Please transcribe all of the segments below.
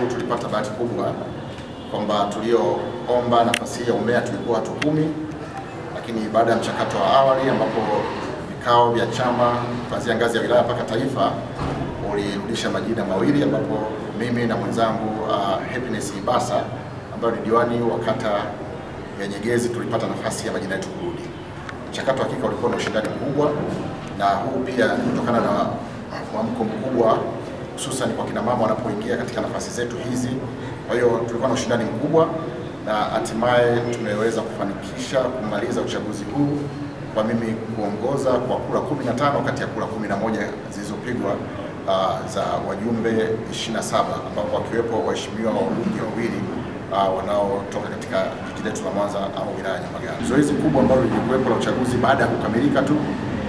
huu tulipata bahati kubwa kwamba tulioomba nafasi hii ya umeya tulikuwa watu kumi, lakini baada ya mchakato wa awali ambapo vikao vya chama kuanzia ngazi ya wilaya mpaka taifa ulirudisha majina mawili, ambapo mimi na mwenzangu uh, Happiness Ibasa ambayo ni diwani wa kata ya Nyegezi tulipata nafasi ya majina yetu kurudi. Mchakato hakika ulikuwa na ushindani mkubwa, na huu pia kutokana na mwamko mkubwa hususan kwa kina mama wanapoingia katika nafasi zetu hizi. Kwa hiyo tulikuwa na ushindani mkubwa na hatimaye tumeweza kufanikisha kumaliza uchaguzi huu kwa mimi kuongoza kwa kura 15 kati ya kura 11 zilizopigwa uh, za wajumbe 27 ambapo wakiwepo waheshimiwa wabunge wawili uh, wanaotoka katika jiji letu la Mwanza au wilaya ya Nyamagana. Zoezi kubwa ambalo lilikuwepo la uchaguzi baada ya kukamilika tu,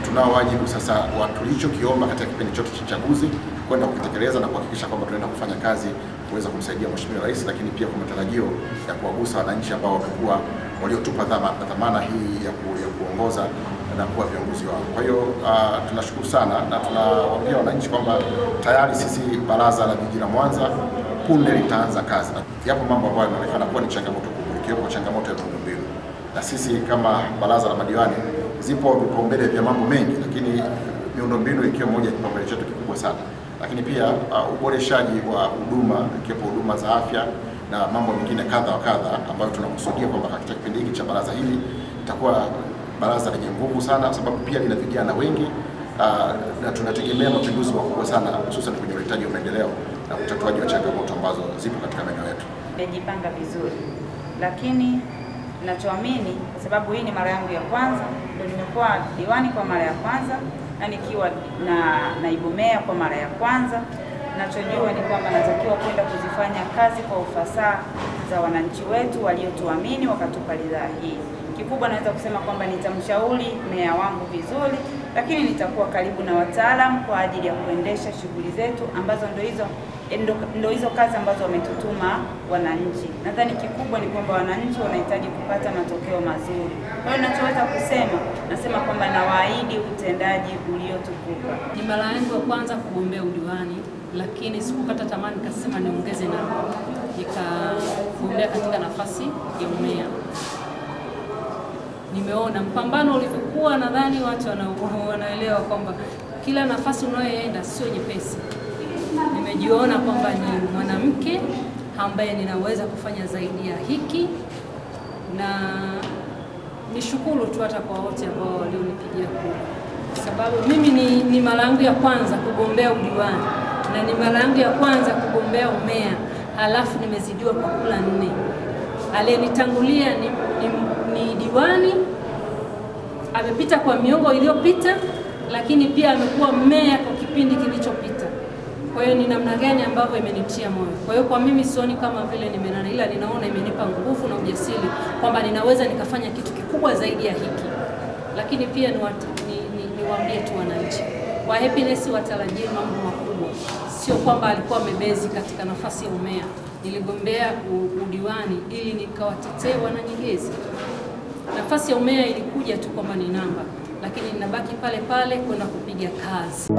tunao wajibu sasa wa tulichokiomba katika kipindi chote cha uchaguzi kwenda kutekeleza na kuhakikisha kwamba tunaenda kufanya kazi kuweza kumsaidia Mheshimiwa Rais, lakini pia kwa matarajio ya kuwagusa wananchi ambao wamekuwa waliotupa dhamana hii ya, ku, ya kuongoza na kuwa viongozi wao. Kwa hiyo uh, tunashukuru sana na tunawaambia wananchi kwamba tayari sisi Baraza la Jiji la Mwanza punde litaanza kazi. Yapo mambo ambayo yanaonekana kuwa ni changamoto kubwa, ikiwepo changamoto ya miundombinu, na sisi kama baraza la madiwani, zipo vipaumbele vya mambo mengi, lakini miundombinu ikiwa moja kipaumbele chetu kikubwa sana lakini pia uh, uboreshaji wa huduma ikiwepo huduma za afya na mambo mengine kadha wa kadha ambayo tunakusudia kwamba katika kipindi hiki cha baraza hili itakuwa baraza lenye nguvu sana, kwa sababu pia lina vijana wengi uh, na tunategemea mapinduzi makubwa sana, hususan kwenye uhitaji wa maendeleo na utatuaji wa changamoto ambazo zipo katika maeneo yetu. Nimejipanga vizuri, lakini nachoamini kwa sababu hii ni mara yangu ya kwanza, ndio nimekuwa diwani kwa mara ya kwanza na nikiwa na naibu meya kwa mara ya kwanza, nachojua ni kwamba natakiwa kwenda kuzifanya kazi kwa ufasaha za wananchi wetu waliotuamini wakatupa ridhaa hii. Kikubwa naweza kusema kwamba nitamshauri meya wangu vizuri lakini nitakuwa karibu na wataalamu kwa ajili ya kuendesha shughuli zetu ambazo ndo hizo ndo hizo kazi ambazo wametutuma wananchi. Nadhani kikubwa ni kwamba wananchi wanahitaji kupata matokeo mazuri. Kwa hiyo ninachoweza kusema, nasema kwamba nawaahidi utendaji uliotukuka. Ni mara yangu ya kwanza kugombea udiwani, lakini sikukata tamaa, nikasema niongeze na nikagombea katika nafasi ya umeya tumeona mpambano ulivyokuwa, nadhani watu wanaelewa kwamba kila nafasi unayoenda sio nyepesi. Nimejiona kwamba ni mwanamke ambaye ninaweza kufanya zaidi ya hiki, na nishukuru tu hata kwa wote ambao walionipigia kura, kwa sababu mimi ni, ni mara yangu ya kwanza kugombea udiwani na ni mara yangu ya kwanza kugombea umea, halafu nimezidiwa kwa kula nne. Aliyenitangulia ni, ni, ni diwani amepita kwa miongo iliyopita, lakini pia amekuwa meya kwa kipindi kilichopita. Kwa hiyo ni namna gani ambavyo imenitia moyo. Kwa hiyo kwa mimi sioni kama vile nimenana, ila ninaona imenipa nguvu na ujasiri kwamba ninaweza nikafanya kitu kikubwa zaidi ya hiki. Lakini pia niwaambie ni, ni tu wananchi wa Happiness watarajie mambo makubwa, sio kwamba alikuwa mebezi katika nafasi ya umeya. Niligombea udiwani ili nikawatetee Wananyegezi. Nafasi ya umea ilikuja tu kwamba ni namba, lakini ninabaki pale pale kwenda kupiga kazi.